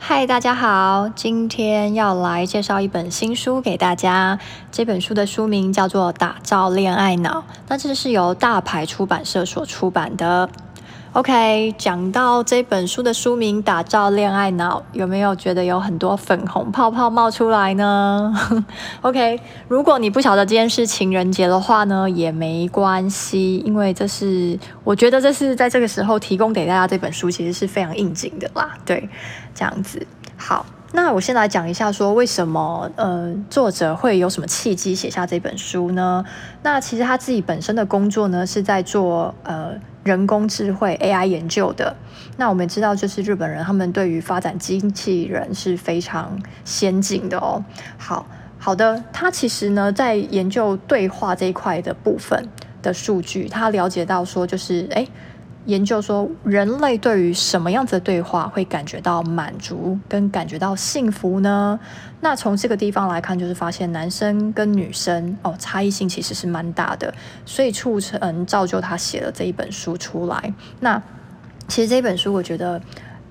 嗨，大家好！今天要來介紹一本新書給大家。這本書的書名叫做《打造戀愛腦》，那這是由大牌出版社所出版的。OK，講到這本書的書名《打造戀愛腦》，有沒有覺得有很多粉紅泡泡冒出來呢 ？OK，如果你不曉得今天是情人節的話呢，也沒關係，因為這是我覺得這是在這個時候提供給大家這本書，其實是非常應景的啦。對，這樣子，好。那我先來講一下，說為什麼呃作者會有什麼契機寫下這本書呢？那其實他自己本身的工作呢是在做呃人工智慧 AI 研究的。那我們知道，就是日本人他們對於發展機器人是非常先進的哦。好好的，他其實呢在研究對話這一塊的部分的數據，他了解到說就是哎。誒研究說，人類對於什麼樣子的對話會感覺到滿足，跟感覺到幸福呢？那從這個地方來看，就是發現男生跟女生哦，差異性其實是蠻大的，所以促成、造、嗯、就他寫了這一本書出來。那其實這本書，我覺得。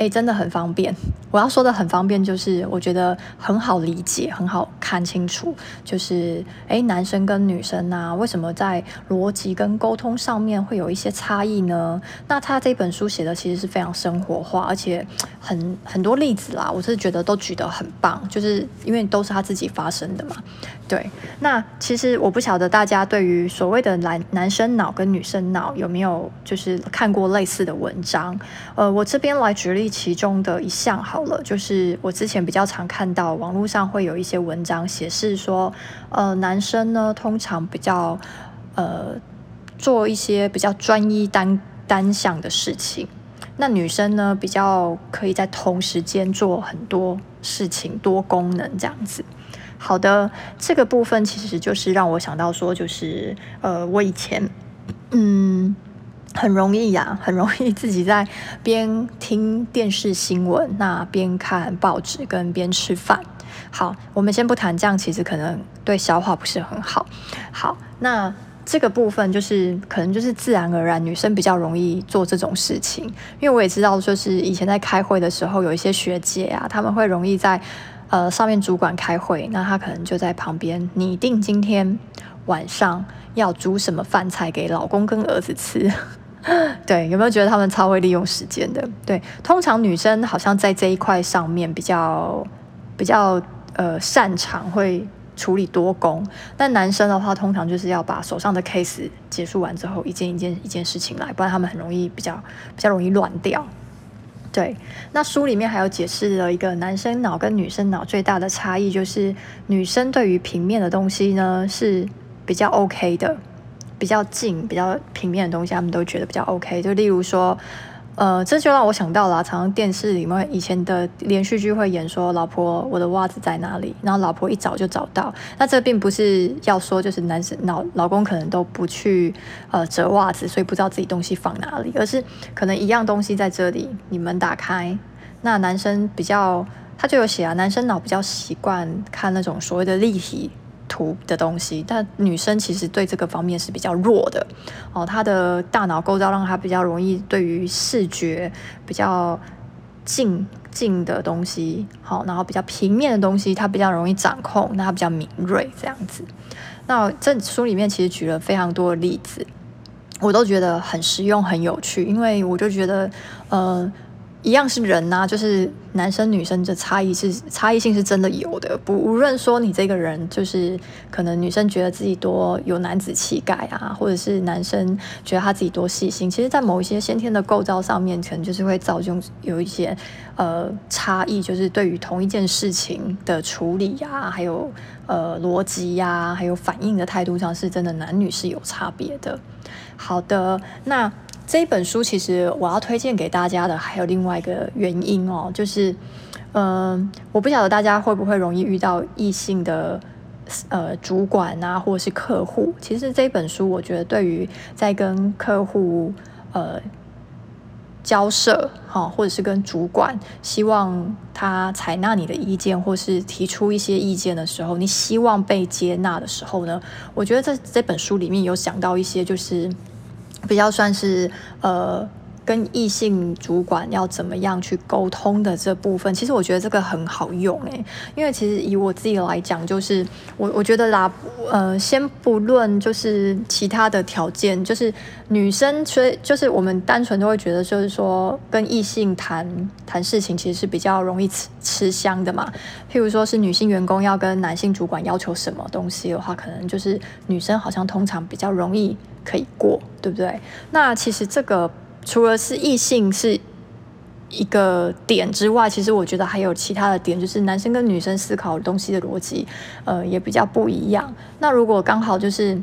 哎，真的很方便。我要說的很方便，就是我覺得很好理解，很好看清楚。就是哎，男生跟女生啊，為什麼在邏輯跟溝通上面會有一些差異呢？那他這本書寫的其實是非常生活化，而且。很很多例子啦，我是覺得都舉得很棒，就是因為都是他自己發生的嘛。對，那其實我不曉得大家對於所謂的男男生腦跟女生腦有沒有就是看過類似的文章。呃，我這邊來舉例其中的一項好了，就是我之前比較常看到網絡上會有一些文章顯示說，呃，男生呢通常比較呃做一些比較專一單單向的事情。那女生呢，比較可以在同時間做很多事情，多功能這樣子。好的，這個部分其實就是讓我想到說，就是呃，我以前嗯很容易呀、啊，很容易自己在邊聽電視新聞，那邊看報紙跟邊吃飯。好，我們先不談這樣，其實可能對消化不是很好。好，那。這個部分就是可能就是自然而然，女生比較容易做這種事情，因為我也知道，就是以前在開會的時候，有一些學姐啊，她們會容易在呃上面主管開會，那她可能就在旁邊擬定今天晚上要煮什麼飯菜給老公跟兒子吃。 對，有沒有覺得他們超會利用時間的？對，通常女生好像在這一塊上面比較比較呃擅長會。處理多工，但男生的話，通常就是要把手上的 case 結束完之後，一件一件一件事情來，不然他們很容易比較比較容易亂掉。對，那書裡面還有解釋了一個男生腦跟女生腦最大的差異，就是女生對於平面的東西呢是比較 OK 的，比較近比較平面的東西，他們都覺得比較 OK。就例如說，呃，這就讓我想到了啊，常常電視裡面以前的連續劇會演說，老婆，我的襪子在哪裡？然後老婆一找就找到。那這並不是要說就是男生腦老，老公可能都不去呃折襪子，所以不知道自己東西放哪裡，而是可能一樣東西在這裡，你們打開，那男生比較他就有寫啊，男生腦比較習慣看那種所謂的立體。圖的東西，但女生其實對這個方面是比較弱的哦。她的大腦構造讓她比較容易對於視覺比較靜靜的東西，好、哦，然後比較平面的東西，她比較容易掌控，那她比較敏銳這樣子。那這本書裡面其實舉了非常多的例子，我都覺得很實用、很有趣，因為我就覺得，呃。一樣是人吶，就是男生女生的差異是差異性是真的有的。不無論說你這個人，就是可能女生覺得自己多有男子氣概啊，或者是男生覺得他自己多細心。其實，在某一些先天的構造上面，可能就是會造成有一些呃差異，就是對於同一件事情的處理呀，還有呃邏輯呀，還有反應的態度上，是真的男女是有差別的。好的，那。這本書其實我要推薦給大家的還有另外一個原因哦，就是，嗯，我不曉得大家會不會容易遇到異性的呃主管啊，或者是客戶。其實這本書，我覺得對於在跟客戶呃交涉哈、啊，或者是跟主管希望他採納你的意見，或是提出一些意見的時候，你希望被接納的時候呢，我覺得在這，這本書裡面有講到一些就是。比較算是，呃。跟異性主管要怎麼樣去溝通的這部分，其實我覺得這個很好用誒。因為其實以我自己來講，就是我我覺得啦，呃，先不論就是其他的條件，就是女生，所以就是我們單純都會覺得，就是說跟異性談談事情，其實是比較容易吃吃香的嘛。譬如說是女性員工要跟男性主管要求什麼東西的話，可能就是女生好像通常比較容易可以過，對不對？那其實這個。除了是異性是一個點之外，其實我覺得還有其他的點，就是男生跟女生思考的東西的邏輯，呃，也比較不一樣。那如果剛好就是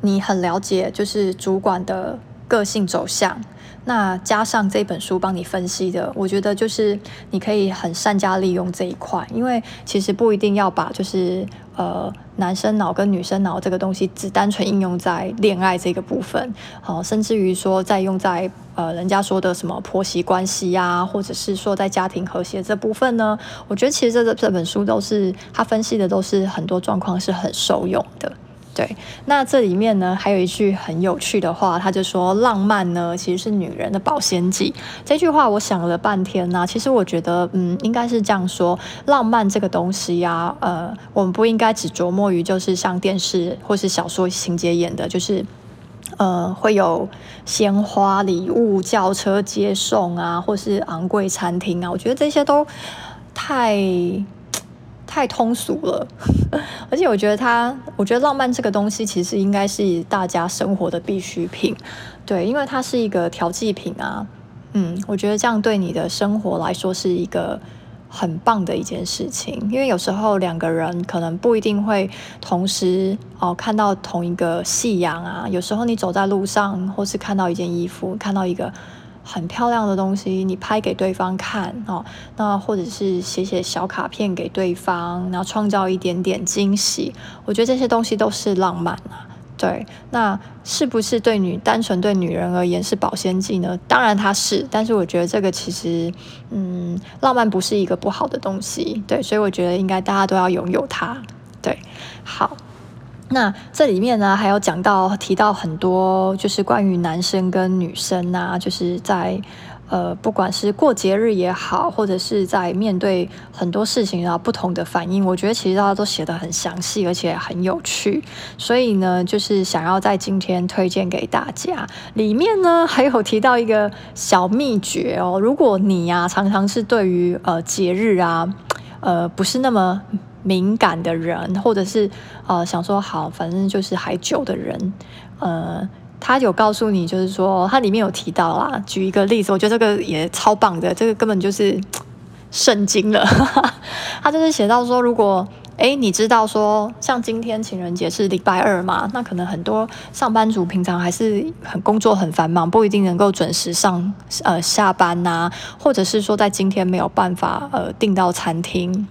你很了解，就是主管的個性走向，那加上這本書幫你分析的，我覺得就是你可以很善加利用這一塊，因為其實不一定要把就是呃。男生腦跟女生腦這個東西，只單純應用在戀愛這個部分，好，甚至於說在用在呃人家說的什麼婆媳關係呀、啊，或者是說在家庭和諧這部分呢，我覺得其實這這這本書都是他分析的都是很多狀況是很受用的。對，那這裡面呢，還有一句很有趣的話，他就說，浪漫呢其實是女人的保鮮劑。這句話我想了半天吶、啊，其實我覺得，嗯，應該是這樣說，浪漫這個東西呀、啊，呃，我們不應該只琢磨於就是像電視或是小說情節演的，就是呃，會有鮮花、禮物、轎車接送啊，或是昂貴餐廳啊，我覺得這些都太。太通俗了呵呵，而且我覺得他，我覺得浪漫這個東西其實應該是大家生活的必需品，對，因為它是一個調劑品啊，嗯，我覺得這樣對你的生活來說是一個很棒的一件事情，因為有時候兩個人可能不一定會同時哦看到同一個夕陽啊，有時候你走在路上或是看到一件衣服，看到一個。很漂亮的東西，你拍給對方看哦，那或者是寫寫小卡片給對方，然後創造一點點驚喜，我覺得這些東西都是浪漫啊。對，那是不是對女單純對女人而言是保鮮劑呢？當然它是，但是我覺得這個其實，嗯，浪漫不是一個不好的東西。對，所以我覺得應該大家都要擁有它。對，好。那這裡面呢，還有講到提到很多，就是關於男生跟女生啊，就是在呃，不管是過節日也好，或者是在面對很多事情啊，然後不同的反應，我覺得其實大家都寫得很詳細，而且很有趣。所以呢，就是想要在今天推薦給大家。裡面呢，還有提到一個小秘訣哦，如果你呀、啊、常常是對於呃節日啊，呃不是那麼。敏感的人，或者是呃想說好，反正就是還久的人，呃，他有告訴你，就是說他裡面有提到啦。舉一個例子，我覺得這個也超棒的，這個根本就是聖經了。 他就是寫到說，如果誒你知道說，像今天情人節是禮拜二嘛，那可能很多上班族平常還是很工作很繁忙，不一定能夠準時上呃下班吶、啊，或者是說在今天沒有辦法呃訂到餐廳。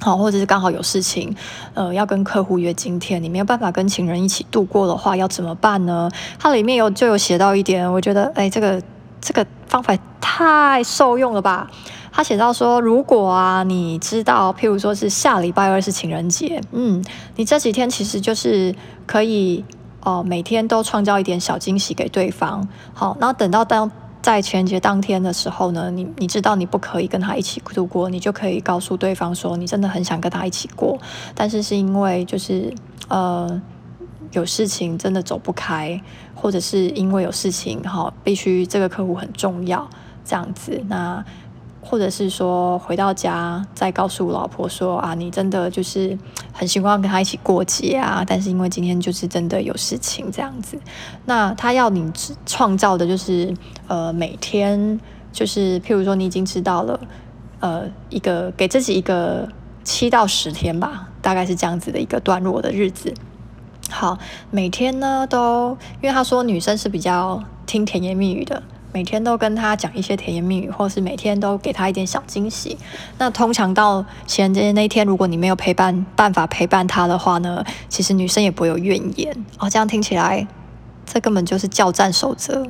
好、哦，或者是剛好有事情，呃，要跟客戶約今天，你沒有辦法跟情人一起度過的話，要怎麼辦呢？它裡面有就有寫到一點，我覺得，哎，這個這個方法太受用了吧。他寫到說，如果啊，你知道，譬如說是下禮拜二是情人節，嗯，你這幾天其實就是可以哦，每天都創造一點小驚喜給對方。好、哦，然後等到當。在情人節當天的時候呢，你你知道你不可以跟他一起度過，你就可以告訴對方說，你真的很想跟他一起過，但是是因為就是呃有事情真的走不開，或者是因為有事情好，必須這個客戶很重要，這樣子那。或者是說回到家再告訴老婆說啊,你真的就是很喜歡跟他一起過節啊，但是因為今天就是真的有事情這樣子。那他要你創造的就是呃每天就是譬如說你已經知道了呃一個，給自己一個七到十天吧，大概是這樣子的一個段落的日子。好，每天呢都，因為他說女生是比較聽甜言蜜語的。每天都跟他講一些甜言蜜語，或是每天都給他一點小驚喜。那通常到情人節那天，如果你沒有陪伴，辦法陪伴他的話呢，其實女生也不會有怨言哦。這樣聽起來，這根本就是叫戰守則。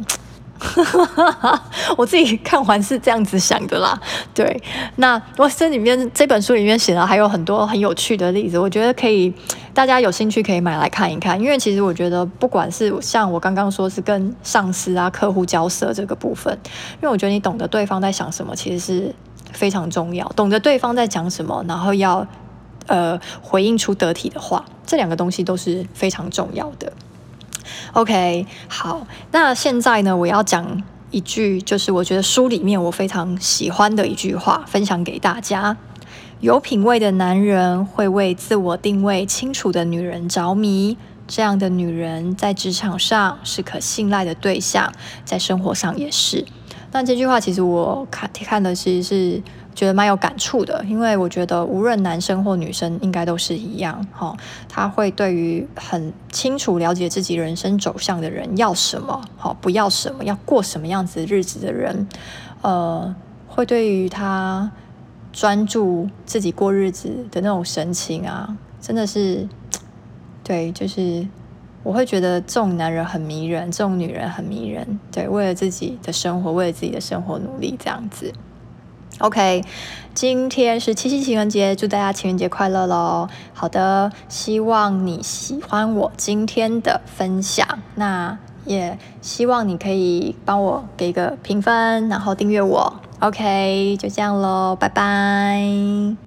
我自己看完是這樣子想的啦，對。那我這裡面這本書裡面寫了還有很多很有趣的例子，我覺得可以大家有興趣可以買來看一看。因為其實我覺得不管是像我剛剛說是跟上司啊、客戶交涉這個部分，因為我覺得你懂得對方在想什麼，其實是非常重要。懂得對方在講什麼，然後要呃回應出得體的話，這兩個東西都是非常重要的。OK，好，那現在呢？我要講一句，就是我覺得書裡面我非常喜歡的一句話，分享給大家：有品味的男人會為自我定位清楚的女人着迷，這樣的女人在職場上是可信賴的對象，在生活上也是。那這句話其實我看看的其實是是。覺得蠻有感觸的，因為我覺得無論男生或女生，應該都是一樣哈、哦。他會對於很清楚了解自己人生走向的人要什麼，好、哦、不要什麼，要過什麼樣子的日子的人，呃，會對於他專注自己過日子的那種神情啊，真的是，對，就是我會覺得這種男人很迷人，這種女人很迷人。對，為了自己的生活，為了自己的生活努力這樣子。OK，今天是七夕情人節，祝大家情人節快樂嘍！好的，希望你喜歡我今天的分享，那也希望你可以幫我給個評分，然後訂閱我。OK，就這樣嘍，拜拜。